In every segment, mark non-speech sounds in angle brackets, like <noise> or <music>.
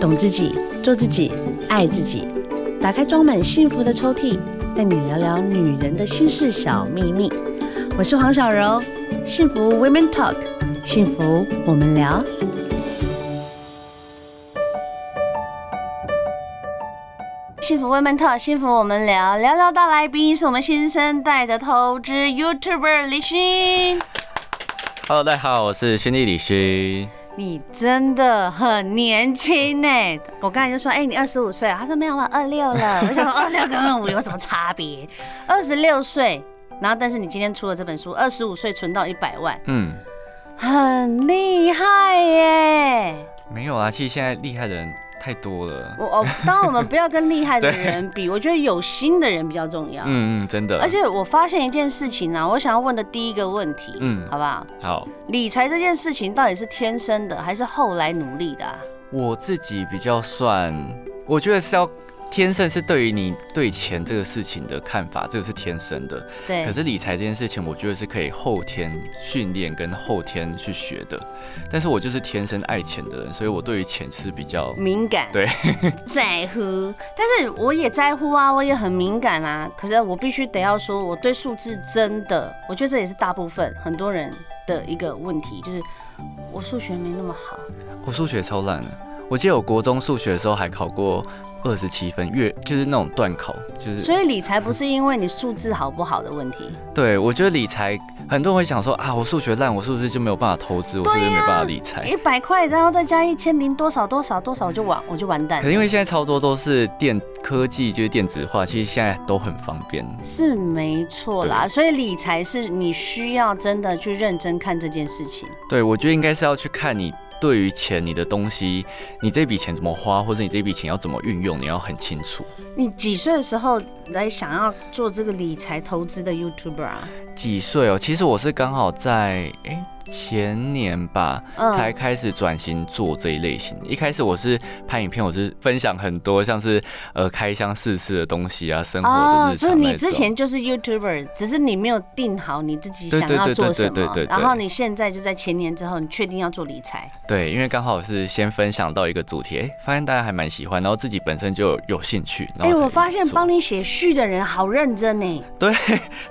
懂自己，做自己，愛自己。打開裝滿幸福的抽屜，帶你聊聊女人的心事小秘密。我是黃小柔，幸福 Women Talk，幸福我們聊。幸福 Women Talk，幸福我們聊。聊聊大來賓是我們新生代的投資 YouTuber 李勳。Hello，大家好，我是兄弟李勳。你真的很年輕呢、欸，我剛才就說，哎、欸，你二十五歲啊，他說沒有啊，二六了。我想說二六跟二十五有什麼差別？二十六歲，然後但是你今天出了這本書，二十五歲存到一百萬，嗯，很厲害耶、欸。沒有啊，其實現在厲害的人。太多了、哦，我我當然我們不要跟厲害的人比， <laughs> 對我覺得有心的人比較重要。嗯嗯，真的。而且我發現一件事情呢、啊，我想要問的第一個問題，嗯，好不好？好。理財這件事情到底是天生的，還是後來努力的、啊？我自己比較算，我覺得是要。天生是對於你對錢這個事情的看法，這個是天生的。對。可是理財這件事情，我覺得是可以後天訓練跟後天去學的。但是我就是天生愛錢的人，所以我對於錢是比較敏感。對。在乎，但是我也在乎啊，我也很敏感啊。可是我必須得要說，我對數字真的，我覺得這也是大部分很多人的一個問題，就是我數學沒那麼好。我數學超爛的。我記得我國中數學的時候還考過二十七分，月，就是那種斷口，就是。所以理財不是因為你數字好不好的問題。對，我覺得理財很多人會想說啊，我數學爛，我是不是就沒有辦法投資？啊、我是不是就沒辦法理財？一百塊，然後再加一千零多少多少多少，我就完，我就完蛋。可因為現在超多都是電科技，就是電子化，其實現在都很方便。是沒錯啦，對所以理財是你需要真的去認真看這件事情。對，我覺得應該是要去看你。對於錢，你的東西，你這筆錢怎麼花，或者你這筆錢要怎麼運用，你要很清楚。你幾歲的時候來想要做這個理財投資的 YouTuber 啊？幾歲哦？其實我是剛好在，誒前年吧，才開始轉型做這一類型。嗯、一開始我是拍影片，我是分享很多像是呃開箱試吃的東西啊，生活的日常那種、哦、是，所以你之前就是 YouTuber，只是你沒有定好你自己想要做什麼。對對對。然後你現在就在前年之後，你確定要做理財？對，因為剛好我是先分享到一個主題，哎，發現大家還蠻喜歡，然後自己本身就有興趣。哎、欸，我發現幫你寫序的人好認真呢。對，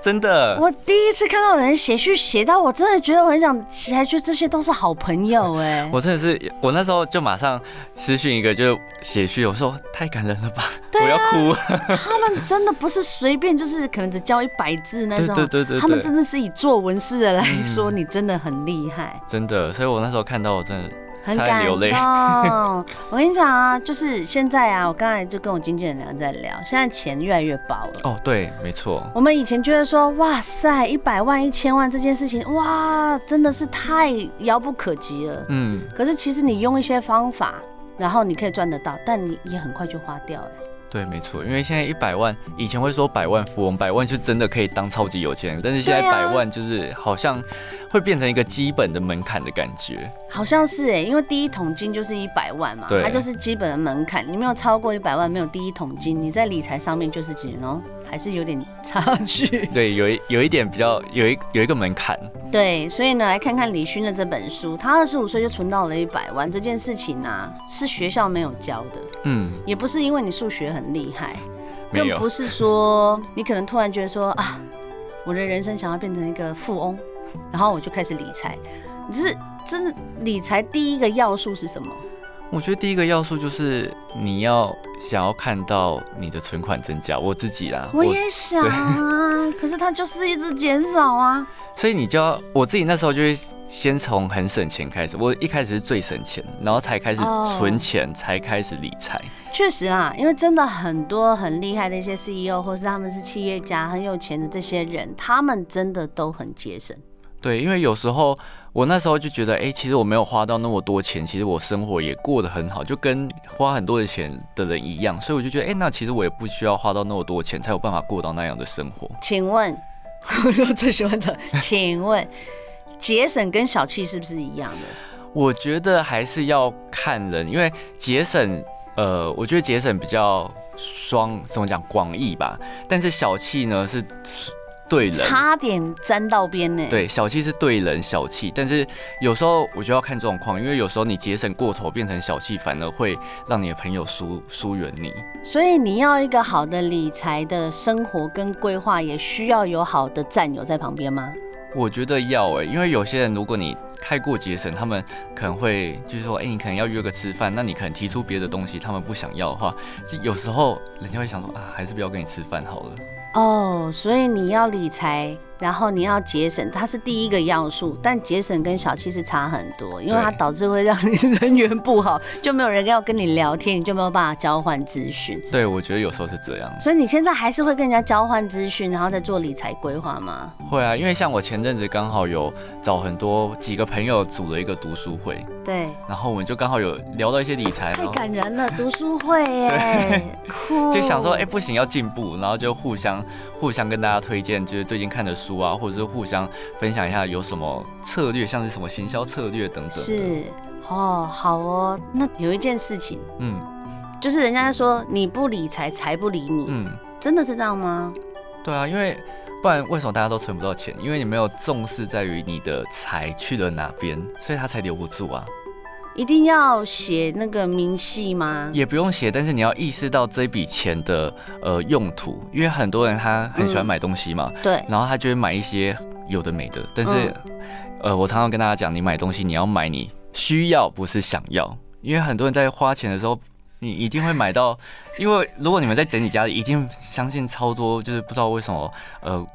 真的。我第一次看到人寫序寫，寫到我真的覺得我很想。其實覺得這些都是好朋友哎，、欸，我真的是，我那時候就馬上私訊一個，就寫去，我說，太感人了吧，啊、我要哭。 <laughs> 他們真的不是隨便，就是可能只教一百字那種，他們真的是以作文式的來說。嗯、你真的很厲害，真的。所以我那時候看到，我真的。很感動，累 <laughs> 我跟你講啊，就是現在啊，我剛才就跟我經紀人兩個在聊，現在錢越來越薄了。哦，對，沒錯。我們以前覺得說，哇塞，一百萬、一千萬這件事情，哇，真的是太遙不可及了。嗯。可是其實你用一些方法，然後你可以賺得到，但你也很快就花掉、欸，了。對，沒錯，因為現在一百萬，以前會說百萬富翁，百萬是真的可以當超級有錢人，但是現在百萬就是好像會變成一個基本的門檻的感覺。好像是哎，因為第一桶金就是一百萬嘛，對它就是基本的門檻，你沒有超過一百萬，沒有第一桶金，你在理財上面就是幾，哦，還是有點差距。對，有一有一點比較，有一有一個門檻。對，所以呢，來看看李勛的這本書，他二十五歲就存到了一百萬，這件事情呢、啊，是學校沒有教的，嗯，也不是因為你數學很。很厲害，更不是說你可能突然覺得說，啊，我的人生想要變成一個富翁，然後我就開始理財。只是真的理財第一個要素是什麼？我覺得第一個要素就是你要想要看到你的存款增加。我自己啦，我也想我，可是它就是一直減少啊，所以你就要我自己那時候就會先從很省錢開始，我一開始是最省錢，然後才開始存錢，oh, 才開始理財。確實啊，因為真的很多很厲害的一些 CEO，或是他們是企業家，很有錢的這些人，他們真的都很節省。對，因為有時候。我那時候就覺得，哎、欸，其實我沒有花到那麼多錢，其實我生活也過得很好，就跟花很多的錢的人一樣，所以我就覺得，哎、欸，那其實我也不需要花到那麼多錢，才有辦法過到那樣的生活。請問，我 <laughs> 最喜歡這，請問，節省跟小氣是不是一樣的？我覺得還是要看人，因為節省，呃，我覺得節省比較雙，怎麼講，廣義吧。但是小氣呢，是。對人，差點沾到邊呢。對，小氣是對人小氣，但是有時候我覺得要看狀況，因為有時候你節省過頭變成小氣，反而會讓你的朋友疏疏遠你。所以你要一個好的理財的生活跟規劃，也需要有好的戰友在旁邊嗎？我覺得要哎、欸，因為有些人如果你太過節省，他們可能會就是說，哎、欸，你可能要約個吃飯，那你可能提出別的東西，他們不想要的話，有時候人家會想說，啊，還是不要跟你吃飯好了。哦，oh, 所以你要理財。然後你要節省，它是第一個要素，但節省跟小氣是差很多，因為它導致會讓你人緣不好，對就沒有人要跟你聊天，你就沒有辦法交換資訊。對，我覺得有時候是這樣。所以你現在還是會跟人家交換資訊，然後再做理財規劃嗎？會啊，因為像我前陣子剛好有找很多幾個朋友組了一個讀書會，對，然後我們就剛好有聊到一些理財。啊，太感人了，後讀書會耶，哭，就想說，哎不行要進步，然後就互相互相跟大家推薦，就是最近看的書。讀啊，或者是互相分享一下有什麼策略，像是什麼行銷策略等等。是哦，好哦，那有一件事情，嗯，就是人家說你不理財，財不理你，嗯，真的是這樣嗎？對啊，因為不然為什麼大家都存不到錢？因為你沒有重視在於你的財去了哪邊，所以他才留不住啊。一定要寫那個明細嗎？也不用寫，但是你要意識到這筆錢的呃用途，因為很多人他很喜歡買東西嘛，嗯、對，然後他就會買一些有的沒的。但是、嗯、呃，我常常跟大家講，你買東西你要買你需要，不是想要，因為很多人在花錢的時候，你一定會買到， <laughs> 因為如果你們在整理家裡，一定相信超多就是不知道為什麼呃。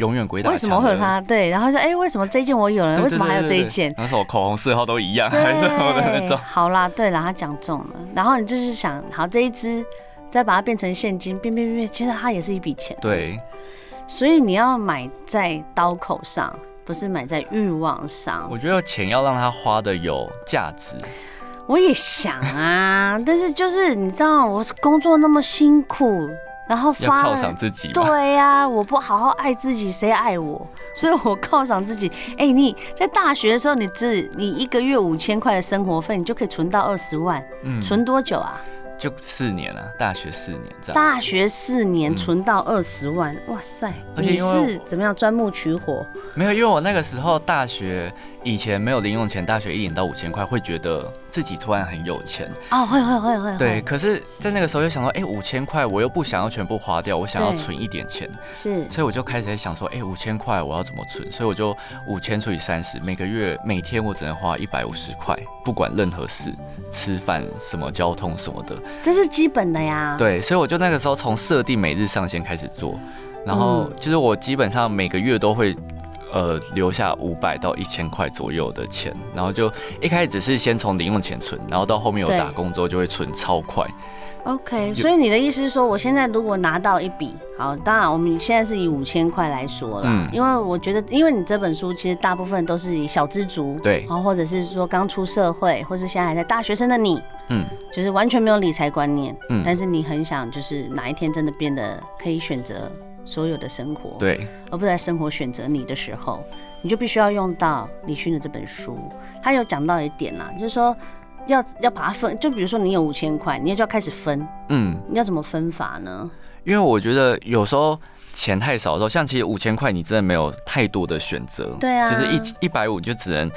永遠鬼打牆為什麼會有他對？然後說，哎、欸，為什麼這一件我有了？對對對對對，為什麼還有這一件？對對對，那是我口紅色號都一樣，對還是什麼那種？好啦，對啦，他講中了。然後你就是想，好，這一支，再把它變成現金，變變變，其實它也是一筆錢。對，所以你要買在刀口上，不是買在欲望上。我覺得錢要讓他花的有價值。我也想啊， <laughs> 但是就是你知道，我工作那麼辛苦。然後發犒賞自己對呀、啊，我不好好愛自己，誰愛我？所以我犒賞自己。哎、欸，你在大學的時候你只，你自，你一個月五千塊的生活費，你就可以存到二十萬。嗯，存多久啊？就四年啊，大學四年這樣。大學四年存到二十萬，嗯、哇塞！Okay, 你是怎麼樣鑽木取火？沒有，因為我那個時候大學。以前沒有零用錢，大學一年到五千塊，會覺得自己突然很有錢啊、哦！會會會會，會對。可是，在那個時候又想說：哎、欸，五千塊，我又不想要全部花掉，我想要存一點錢，是。所以我就開始在想說，哎、欸，五千塊我要怎麼存？所以我就五千除以三十，每個月每天我只能花一百五十塊，不管任何事，吃飯什麼、交通什麼的，這是基本的呀。對，所以我就那個時候從設定每日上限開始做，然後就是我基本上每個月都會。呃，留下五百到一千塊左右的錢，然後就一開始是先從零用錢存，然後到後面有打工之後就會存超快。OK，就所以你的意思是說，我現在如果拿到一筆，好，當然我們現在是以五千塊來說啦，嗯、因為我覺得，因為你這本書其實大部分都是以小資族，對，然後或者是說剛出社會，或是現在還在大學生的你，嗯，就是完全沒有理財觀念，嗯，但是你很想就是哪一天真的變得可以選擇。所有的生活，對，而不是在生活選擇你的時候，你就必須要用到李勛的這本書。他有講到一點啦，就是說要要把它分，就比如說你有五千塊，你要就要開始分，嗯，你要怎麼分法呢？因為我覺得有時候。錢太少的時候，像其實五千塊，你真的沒有太多的選擇。對啊，就是一一百五就只能，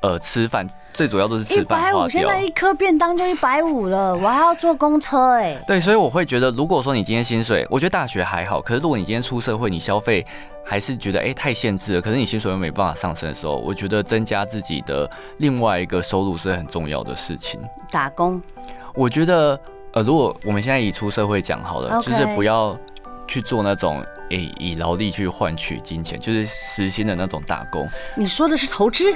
呃，吃飯，最主要都是吃飯花掉。一百五現在一顆便當就一百五了， <laughs> 我還要坐公車哎、欸。對，所以我會覺得，如果說你今天薪水，我覺得大學還好，可是如果你今天出社會，你消費還是覺得哎、欸、太限制了。可是你薪水又沒辦法上升的時候，我覺得增加自己的另外一個收入是很重要的事情。打工，我覺得呃，如果我們現在以出社會講好了，就是不要去做那種。誒、欸，以勞力去換取金錢，就是時薪的那種打工。你說的是投資？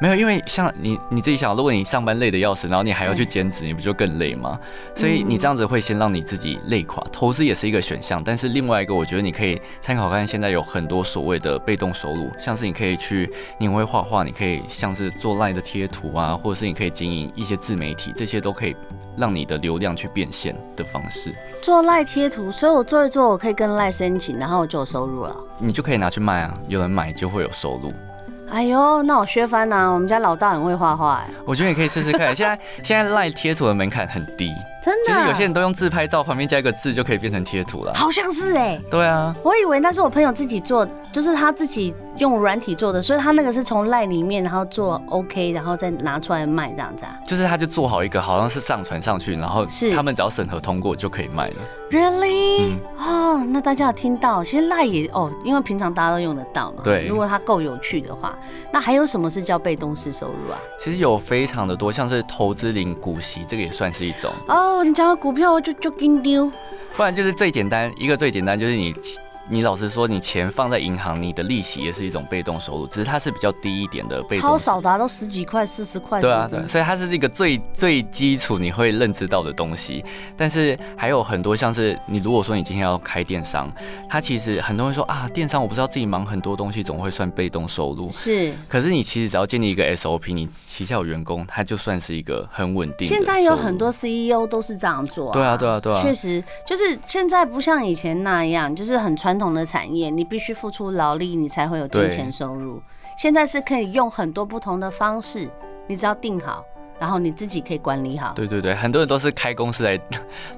沒有，因為像你你自己想，如果你上班累得要死，然後你還要去兼職，對你不就更累嗎？所以你這樣子會先讓你自己累垮。嗯、投資也是一個選項，但是另外一個，我覺得你可以參考看，現在有很多所謂的被動收入，像是你可以去，你會畫畫，你可以像是做賴的貼圖啊，或者是你可以經營一些自媒體，這些都可以讓你的流量去變現的方式。做賴貼圖，所以我做一做，我可以跟賴申請啊。然後我就有收入了，你就可以拿去賣啊，有人買就會有收入。哎呦，那我削翻啊。我們家老大很會畫畫哎。我覺得你可以試試看， <laughs> 現在現在 LINE 貼圖的門檻很低。真的啊，其實有些人都用自拍照旁邊加一個字就可以變成貼圖了。啊，好像是哎、欸。對啊，我以為那是我朋友自己做，就是他自己用軟體做的，所以他那個是從 LINE 裡面然後做 OK，然後再拿出來賣這樣子啊。就是他就做好一個，好像是上傳上去，然後是他們只要審核通過就可以賣了。Really？嗯、哦，那大家有聽到，其實 LINE 也哦，因為平常大家都用得到嘛。對。如果它夠有趣的話，那還有什麼是叫被動式收入啊？其實有非常的多，像是投資領股息，這個也算是一種哦。Oh, 你講到股票，就就跟丟。不然就是最簡單一個，最簡單就是你。你老實說，你錢放在銀行，你的利息也是一種被動收入，只是它是比較低一點的被動收入。超少的、啊，達到十幾塊、四十塊。對啊，對，所以它是這個最最基礎，你會認知到的東西。但是還有很多，像是你如果說你今天要開電商，它其實很多人說啊，電商我不知道自己忙很多東西，總會算被動收入。是，可是你其實只要建立一個 SOP，你旗下有員工，他就算是一個很穩定。現在有很多 CEO 都是這樣做、啊。對啊，對，啊對啊，對啊，對啊。確實，就是現在不像以前那樣，就是很傳統。不同的產業，你必須付出勞力，你才會有金錢收入。對現在是可以用很多不同的方式，你只要定好，然後你自己可以管理好。對對對，很多人都是開公司來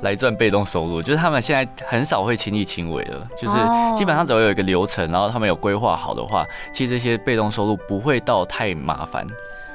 來賺被動收入，就是他們現在很少會親力親為的，就是基本上只要有一個流程，然後他們有規劃好的話，其實這些被動收入不會到太麻煩。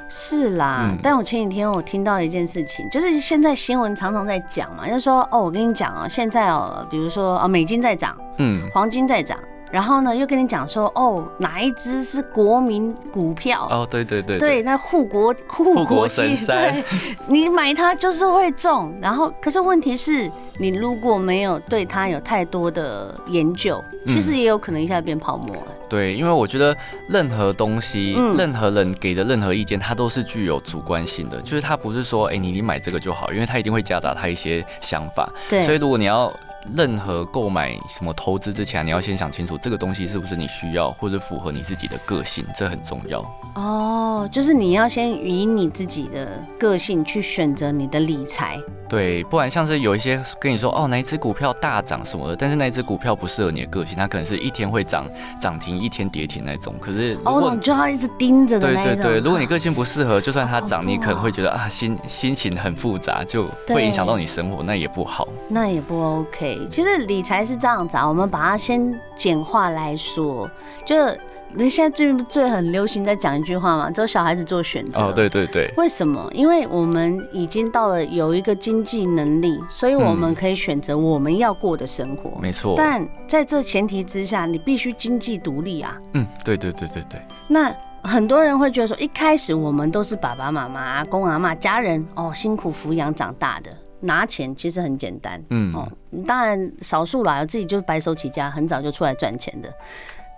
是啦，嗯、但我前幾天我聽到一件事情，就是現在新聞常常在講嘛，就是、說哦，我跟你講哦，現在哦，比如說哦，美金在漲，嗯，黃金在漲，然後呢又跟你講說哦，哪一支是國民股票？哦，對對對，對，對，那護國護國神山，你買它就是會中，然後可是問題是，你如果沒有對它有太多的研究，嗯、其實也有可能一下變泡沫了。對，因為我覺得任何東西、嗯、任何人給的任何意見，它都是具有主觀性的，就是他不是說，哎、欸，你你買這個就好，因為他一定會夾雜他一些想法。對，所以如果你要，任何購買什麼投資之前，你要先想清楚這個東西是不是你需要，或者符合你自己的個性，這很重要。哦，oh, 就是你要先以你自己的個性去選擇你的理財。對，不然像是有一些跟你說哦，哪一隻股票大漲什麼的，但是那隻股票不適合你的個性，它可能是一天會漲漲停，一天跌停那種。可是哦，你、oh, 就要一直盯着。對對對，如果你個性不適合，就算它漲，oh, 你可能會覺得啊，心心情很複雜，就會影響到你生活，對那也不好。那也不 OK。其實理財是這樣子啊，我們把它先簡化來說，就是你現在最最很流行在講一句話嘛，只有小孩子做選擇。哦，對對對。為什麼？因為我們已經到了有一個經濟能力，所以我們可以選擇我們要過的生活。嗯、沒錯。但在這前提之下，你必須經濟獨立啊。嗯，對對對對對。那很多人會覺得說，一開始我們都是爸爸媽媽、阿公阿嬤家人哦，辛苦撫養長大的。拿錢其實很簡單，嗯、哦，當然少數啦，自己就是白手起家，很早就出來賺錢的。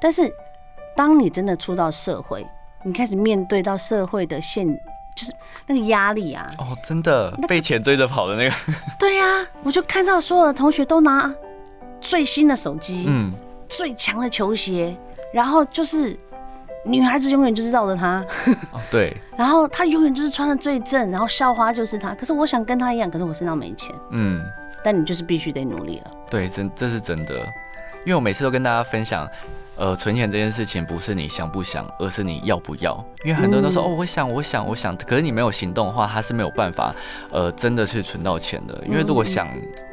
但是，當你真的出到社會，你開始面對到社會的現，就是那個壓力啊！哦，真的、那個、被錢追着跑的那個。對呀、啊，我就看到所有的同學都拿最新的手機，嗯，最強的球鞋，然後就是。女孩子永遠就是繞着他，哦，對。 <laughs> 然後他永遠就是穿的最正，然後校花就是他。可是我想跟他一樣，可是我身上沒錢。嗯，但你就是必須得努力了。對，真這是真的，因為我每次都跟大家分享。呃，存錢這件事情不是你想不想，而是你要不要。因為很多人都說，嗯，哦，我想，我想，我想，可是你沒有行動的話，他是沒有辦法，呃，真的去存到錢的。因為如果想，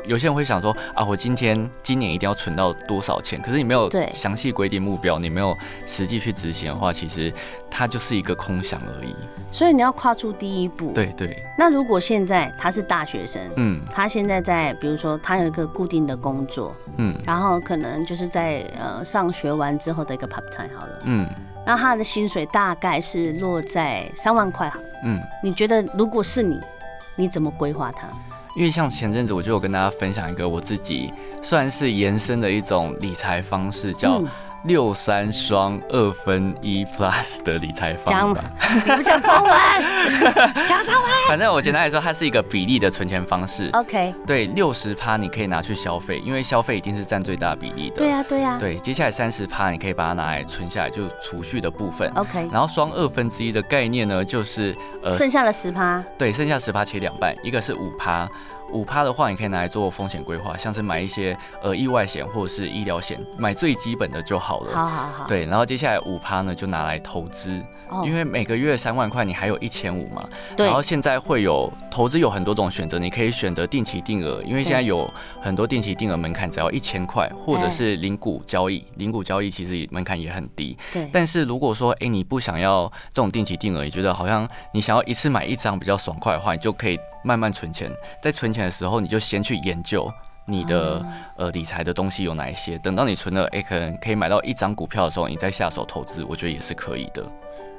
有些人會想說啊，我今天今年一定要存到多少錢，可是你沒有對詳細規定目標，對，你沒有實際去執行的話，其實它就是一個空想而已。所以你要跨出第一步。對，對對。那如果現在他是大學生，嗯，他現在在，比如說他有一個固定的工作，嗯，然後可能就是在，呃，上學完。之後的一個 part time 好了，嗯，那他的薪水大概是落在三萬塊，嗯，你覺得如果是你，你怎麼規劃它？因為像前陣子我就有跟大家分享一個我自己算是延伸的一種理財方式叫、嗯，叫。六三雙二分一 plus 的理財方法，你不講中文，講中文。反正我簡單來說，它是一個比例的存錢方式。OK，對，六十趴你可以拿去消費，因為消費一定是占最大比例的。對呀、啊，對呀、啊。對、啊、對，接下來三十趴你可以把它拿來存下來，就是儲蓄的部分。OK，然後雙二分之一的概念呢，就是呃，剩下的十趴，對，剩下十趴切兩半，一個是五趴。五趴的話，你可以拿來做風險規劃，像是買一些呃意外險或者是醫療險，買最基本的就好了。好好好。對，然後接下來五趴呢，就拿來投資，哦、因為每個月三萬塊，你還有一千五嘛。對。然後現在會有投資有很多種選擇，你可以選擇定期定額，因為現在有很多定期定額門檻只要一千塊，對或者是零股交易，對零股交易其實門檻也很低。對。但是如果說哎、欸、你不想要這種定期定額，也覺得好像你想要一次買一張比較爽快的話，你就可以。慢慢存錢，在存錢的時候，你就先去研究你的、啊、呃理財的東西有哪一些。等到你存了，A、欸、可能可以買到一張股票的時候，你再下手投資，我覺得也是可以的。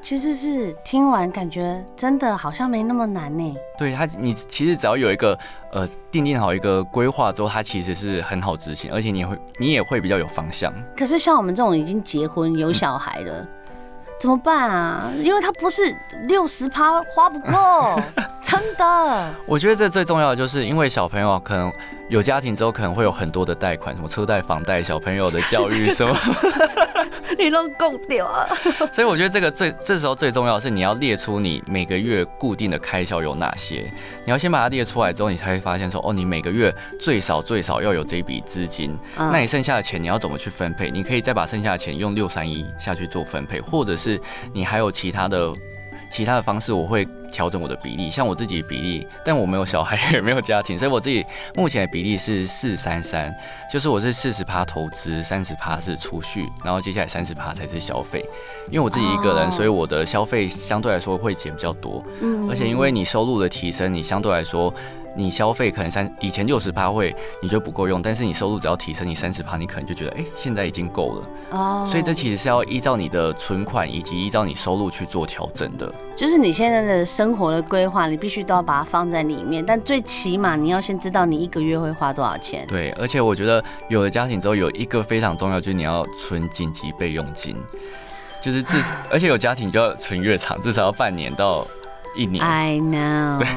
其實是聽完感覺真的好像沒那麼難呢、欸。對他，你其實只要有一個呃，定定好一個規劃之後，它其實是很好執行，而且你會你也會比較有方向。可是像我們這種已經結婚有小孩的。嗯怎麼辦啊？因為他不是六十趴花不夠， <laughs> 真的。我覺得這最重要的，就是因為小朋友可能有家庭之後，可能會有很多的貸款，什麼車貸、房貸、小朋友的教育什麼。 <laughs> <laughs> 你弄夠掉啊！所以我覺得這個最這時候最重要是你要列出你每個月固定的開銷有哪些，你要先把它列出來之後，你才會發現說，哦，你每個月最少最少要有這筆資金，那你剩下的錢你要怎麼去分配？你可以再把剩下的錢用六三一下去做分配，或者是你還有其他的。其他的方式我會調整我的比例，像我自己的比例，但我沒有小孩也沒有家庭，所以我自己目前的比例是四三三，就是我是四十趴投資，三十趴是儲蓄，然後接下來三十趴才是消費。因為我自己一個人，所以我的消費相對來說會減比較多。嗯，而且因為你收入的提升，你相對來說。你消費可能三以前六十趴會你就不夠用，但是你收入只要提升你三十趴，你可能就覺得哎、欸、現在已經夠了哦。Oh, 所以這其實是要依照你的存款以及依照你收入去做調整的。就是你現在的生活的規劃，你必須都要把它放在裡面。但最起碼你要先知道你一個月會花多少錢。對，而且我覺得有了家庭之後，有一個非常重要就是你要存緊急備用金，就是至、啊、而且有家庭就要存月長，至少要半年到一年。I know。對。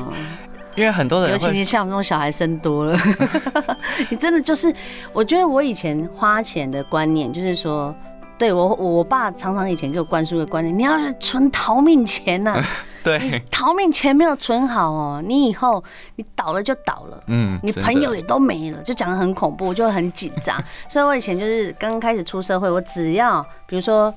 因為很多人，尤其是像這種小孩生多了， <laughs> <laughs> 你真的就是，我覺得我以前花錢的觀念就是說，對，我我爸常常以前就灌輸一個觀念，你要是存逃命錢呢，對，逃命錢沒有存好哦，你以後你倒了就倒了，嗯，你朋友也都沒了，就講得很恐怖，就很緊張，所以我以前就是剛開始出社會，我只要比如說。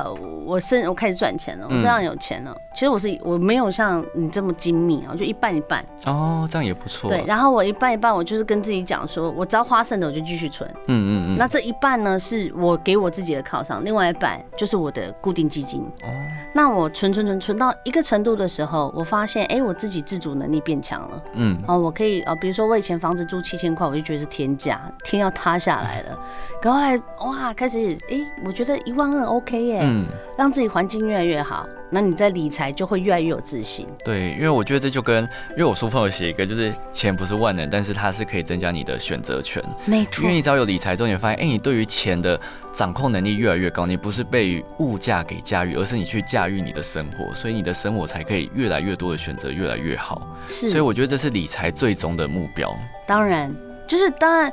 呃，我身我開始賺錢了，我身上有錢了。嗯、其實我是我沒有像你這麼精密啊，我就一半一半。哦，這樣也不錯，啊。對，然後我一半一半，我就是跟自己講說，我只要花剩的我就繼續存。嗯嗯嗯。那這一半呢，是我給我自己的犒賞，另外一半就是我的固定基金。哦。那我存存存存，存到一個程度的時候，我發現，哎、欸，我自己自主能力變強了。嗯。哦、呃，我可以哦、呃，比如說我以前房子租七千塊，我就覺得是天價，天要塌下來了。 <laughs> 可後來，哇，開始，哎、欸，我覺得一萬二 OK 耶，欸。嗯、欸，讓自己環境越來越好，那你在理財就會越來越有自信。對，因為我覺得這就跟，因為我書上有寫一個，就是錢不是萬能，但是它是可以增加你的選擇權。沒錯。因為你只要有理財之後，你會發現，哎、欸，你對於錢的掌控能力越來越高，你不是被物價給駕馭，而是你去駕馭你的生活，所以你的生活才可以越來越多的選擇，越來越好。是。所以我覺得這是理財最終的目標。當然，就是當然。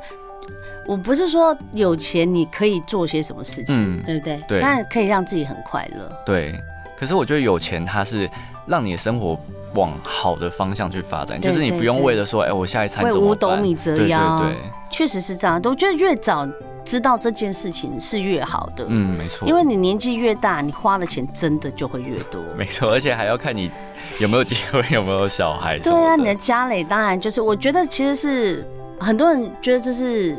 我不是說有錢你可以做些什麼事情，嗯、對不對？對但可以讓自己很快樂。對，可是我覺得有錢它是讓你的生活往好的方向去發展，對對對，就是你不用為了說，哎，欸、我下一餐怎麼辦？為五斗米折腰。對對對，確實是這樣。我覺得越早知道這件事情是越好的。嗯，沒錯。因為你年紀越大，你花的錢真的就會越多。沒錯，而且還要看你有沒有結婚， <laughs> 有沒有小孩。對啊，你的家裡當然就是，我覺得其實是。很多人覺得這是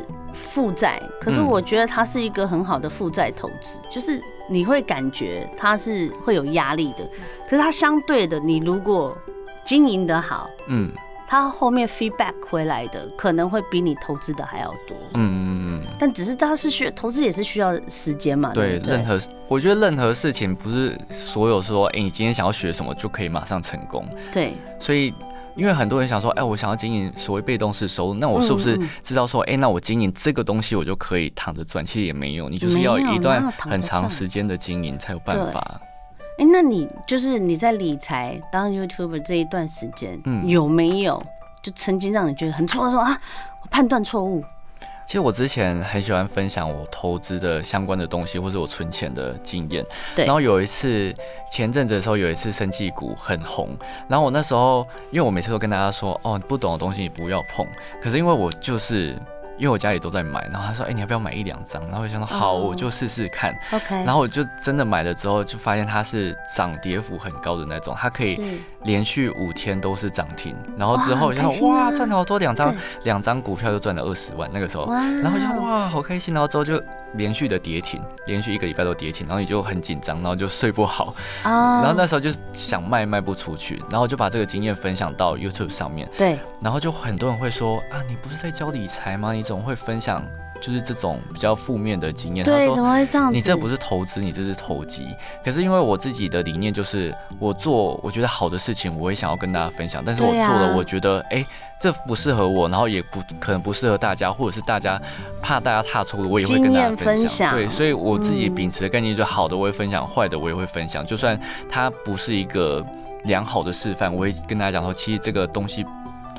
負債，可是我覺得它是一個很好的負債投資，嗯、就是你會感覺它是會有壓力的，可是它相對的，你如果經營得好，嗯，它後面 feedback 回來的可能會比你投資的還要多，嗯嗯嗯。嗯嗯但只是它是需要投資也是需要時間嘛，對，對任何我覺得任何事情不是所有說，哎、欸，你今天想要學什麼就可以馬上成功，對，所以。因為很多人想說，哎、欸，我想要經營所謂被動式收入，那我是不是知道說，哎、嗯嗯欸，那我經營這個東西，我就可以躺着賺？其實也沒有，你就是要一段很長時間的經營才有辦法。哎、嗯，那你就是你在理財當 YouTuber 這一段時間，有沒有就曾經讓你覺得很錯？說啊，我判斷錯誤。其實我之前很喜歡分享我投資的相關的東西，或者我存錢的經驗。對，然後有一次前陣子的時候，有一次生技股很紅，然後我那時候因為我每次都跟大家說，哦，不懂的東西你不要碰。可是因為我就是。因為我家裡都在買，然後他說：“哎、欸，你要不要買一兩張？”然後我就想說：“好，我就試試看。” oh, okay. 然後我就真的買了之後，就發現它是漲跌幅很高的那種，它可以連續五天都是漲停。然後之後你看，哇，賺了好多，兩張兩張股票就賺了二十萬。那個時候，Wow 然後我就說哇，好開心。然後之後就。連續的跌停，連續一個禮拜都跌停，然後你就很緊張，然後就睡不好，oh. 然後那時候就想賣賣不出去，然後就把這個經驗分享到 YouTube 上面，對，然後就很多人會說啊，你不是在教理財嗎？你怎麼會分享。就是這種比較負面的經驗。對，他說，怎麼會這樣子？你這不是投資，你這是投機。可是因為我自己的理念就是，我做我覺得好的事情，我會想要跟大家分享。但是我做的，我覺得哎、欸，這不適合我，然後也不可能不適合大家，或者是大家怕大家踏錯，我也會跟大家分享。分享。對，所以我自己秉持的概念就是，好的我會分享，壞、嗯、的我也會分享。就算它不是一個良好的示範，我會跟大家講說，其實這個東西。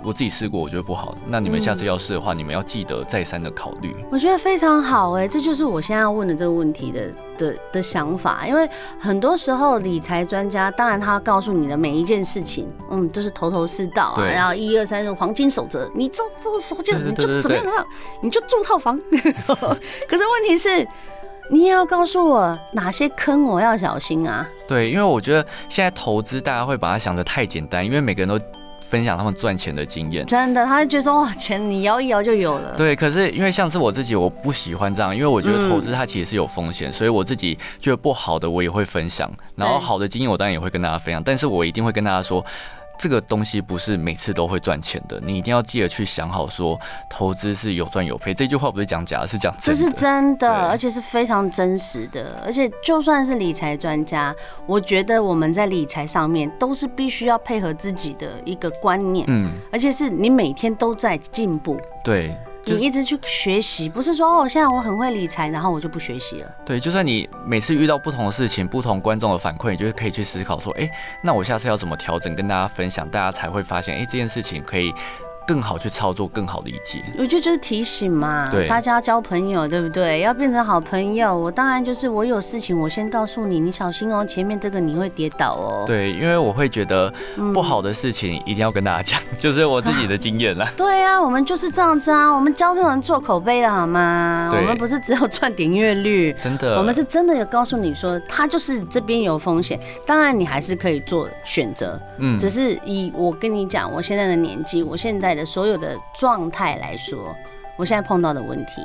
我自己試過，我覺得不好。那你們下次要試的話，嗯、你們要記得再三的考慮。我覺得非常好哎、欸，這就是我現在要問的這個問題的的的想法。因為很多時候理財專家，當然他要告訴你的每一件事情，嗯，都、就是頭頭是道啊。對然後一二三四黃金守則，你做這個時候就你就怎麼樣怎麼樣，對對對對你就住套房。 <laughs> 可是問題是，你也要告訴我哪些坑我要小心啊？對，因為我覺得現在投資大家會把它想得太簡單，因為每個人都。分享他們賺錢的經驗，真的，他就覺得說，哇，錢你搖一搖就有了。對，可是因為像是我自己，我不喜歡這樣，因為我覺得投資它其實是有風險，所以我自己覺得不好的我也會分享，然後好的經驗我當然也會跟大家分享，但是我一定會跟大家說。這個東西不是每次都會賺錢的，你一定要記得去想好說，說投資是有賺有賠。這句話不是講假的，是講真的，這是真的，對而且是非常真實的。而且就算是理財專家，我覺得我們在理財上面都是必須要配合自己的一個觀念，嗯，而且是你每天都在進步，對。你、就是、一直去學習，不是說哦，現在我很會理財，然後我就不學習了。對，就算你每次遇到不同的事情、不同觀眾的反饋，你就是可以去思考說，誒、欸，那我下次要怎麼調整，跟大家分享，大家才會發現，誒、欸，這件事情可以。更好去操作，更好的理解。我就就是提醒嘛，對，大家交朋友，對不對？要變成好朋友。我當然就是我有事情，我先告訴你，你小心哦。前面這個你會跌倒哦。對，因為我會覺得不好的事情一定要跟大家講，嗯，就是我自己的經驗啦。啊，對啊，我們就是這樣子啊，我們交朋友們做口碑的好嗎？對我們不是只有賺點閱率，真的，我們是真的有告訴你說，他就是這邊有風險。當然你還是可以做選擇，嗯，只是以我跟你講，我現在的年紀，我現在的所有的狀態來說，我現在碰到的問題，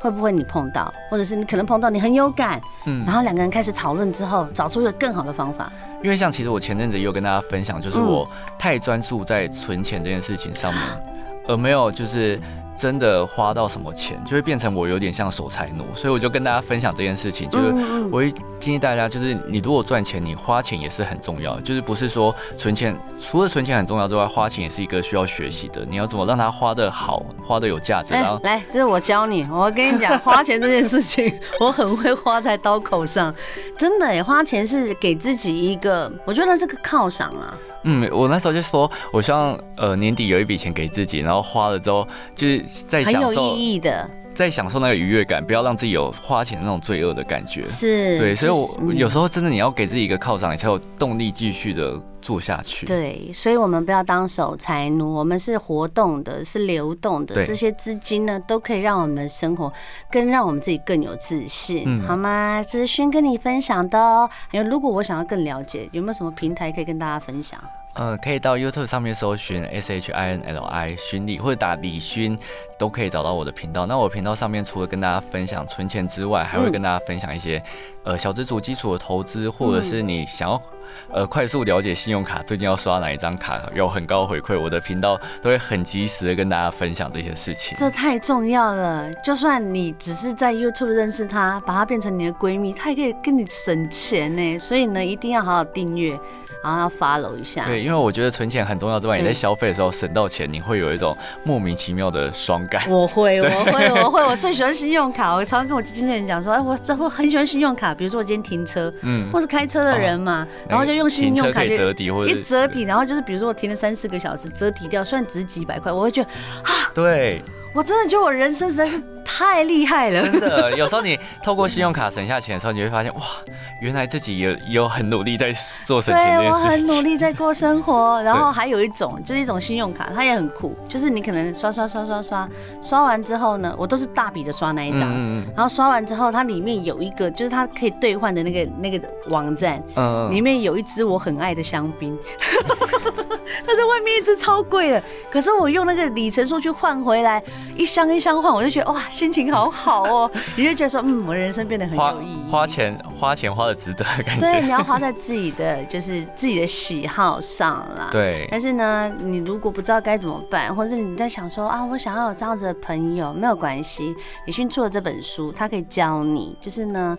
會不會你碰到，或者是你可能碰到，你很有感，嗯，然後兩個人開始討論之後，找出一個更好的方法。因為像其實我前陣子也有跟大家分享，就是我太專注在存錢這件事情上面，嗯、而沒有就是。真的花到什麼錢，就會變成我有點像守財奴，所以我就跟大家分享這件事情，就是我會建議大家，就是你如果賺錢，你花錢也是很重要，就是不是說存錢，除了存錢很重要之外，花錢也是一個需要學習的，你要怎麼讓他花得好，花得有價值。來、欸，來，這是我教你，我跟你講，花錢這件事情，我很會花在刀口上，真的哎，花錢是給自己一個，我覺得這個犒賞啊。嗯，我那時候就說，我希望呃年底有一筆錢給自己，然後花了之後就是在享受，很有意義的。在享受那個愉悅感，不要讓自己有花錢的那種罪惡的感覺。是，對，所以我有時候真的你要給自己一個犒賞，嗯、你才有動力繼續的做下去。對，所以我們不要當守財奴，我們是活動的，是流動的。對這些資金呢，都可以讓我們的生活更，讓我們自己更有自信，嗯、好嗎？這是勳跟你分享的哦、喔。如果我想要更了解，有沒有什麼平台可以跟大家分享？呃，可以到 YouTube 上面搜尋 S H I N L I 勛李，或者打李勳，都可以找到我的頻道。那我頻道上面除了跟大家分享存錢之外，還會跟大家分享一些、嗯、呃，小資族基礎的投資，或者是你想要呃，快速了解信用卡，最近要刷哪一張卡有很高的回饋，我的頻道都會很及時的跟大家分享這些事情。這太重要了，就算你只是在 YouTube 認識他，把他變成你的閨蜜，他也可以跟你省錢呢。所以呢，一定要好好訂閱。然後要 follow 一下，對，因為我覺得存錢很重要之外，你在消費的時候省到錢，你會有一種莫名其妙的爽感。我會、嗯，對我會，我會，我最喜歡信用卡，我常常跟我經紀人講說，哎，我這會很喜歡信用卡，比如說我今天停車，嗯，或是開車的人嘛，哦、然後就用信用卡就折抵，一折抵，然後就是比如說我停了三四個小時，折抵掉算值幾百塊，我會覺得啊，對，我真的覺得我人生實在是。太厲害了！真的，有時候你透過信用卡省下錢的時候，你會發現哇，原來自己也有很努力在做省錢這件事情。對，我很努力在過生活。然後還有一種就是一種信用卡，它也很酷，就是你可能刷刷刷刷刷刷完之後呢，我都是大筆的刷那一張。嗯，然後刷完之後，它裡面有一個就是它可以兌換的那個那個網站，嗯。裡面有一支我很愛的香檳，哈哈哈，它在外面一支超貴的，可是我用那個里程數去換回來一箱一箱換，我就覺得哇，現。心情好好哦，喔，你就 <laughs> 覺得說，嗯，我人生變得很有意義。花，花錢，花錢花得值得的感覺。對，你要花在自己的， <laughs> 就是自己的喜好上啦。對。但是呢，你如果不知道該怎麼辦，或者你在想說啊，我想要有這樣子的朋友，沒有關係。李勛出了這本書，他可以教你，就是呢，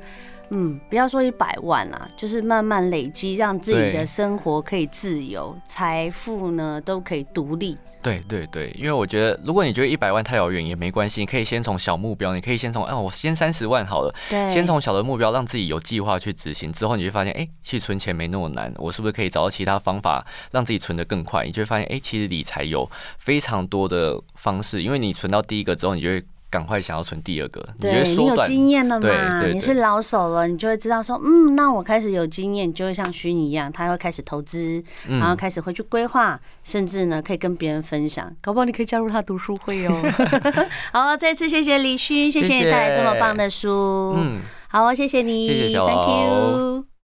嗯，不要說一百萬啦，啊，就是慢慢累積，讓自己的生活可以自由，對財富呢都可以獨立。對對對，因為我覺得，如果你覺得一百萬太遙遠也沒關係，你可以先從小目標，你可以先從啊，我先三十萬好了，先從小的目標讓自己有計劃去執行，之後你就會發現，哎，其實存錢沒那麼難，我是不是可以找到其他方法讓自己存得更快？你就會發現，哎，其實理財有非常多的方式，因為你存到第一個之後，你就會。趕快想要存第二個，對，你，你有經驗了嘛？對對對，你是老手了，你就會知道說，嗯，那我開始有經驗，就會像勛一樣，他會開始投資，然後開始會去規劃，嗯、甚至呢，可以跟別人分享，搞不好你可以加入他讀書會哦。 <laughs> <laughs> 好，再次謝謝李勛，謝謝你帶來這麼棒的書。嗯，好謝謝你，謝謝 Thank you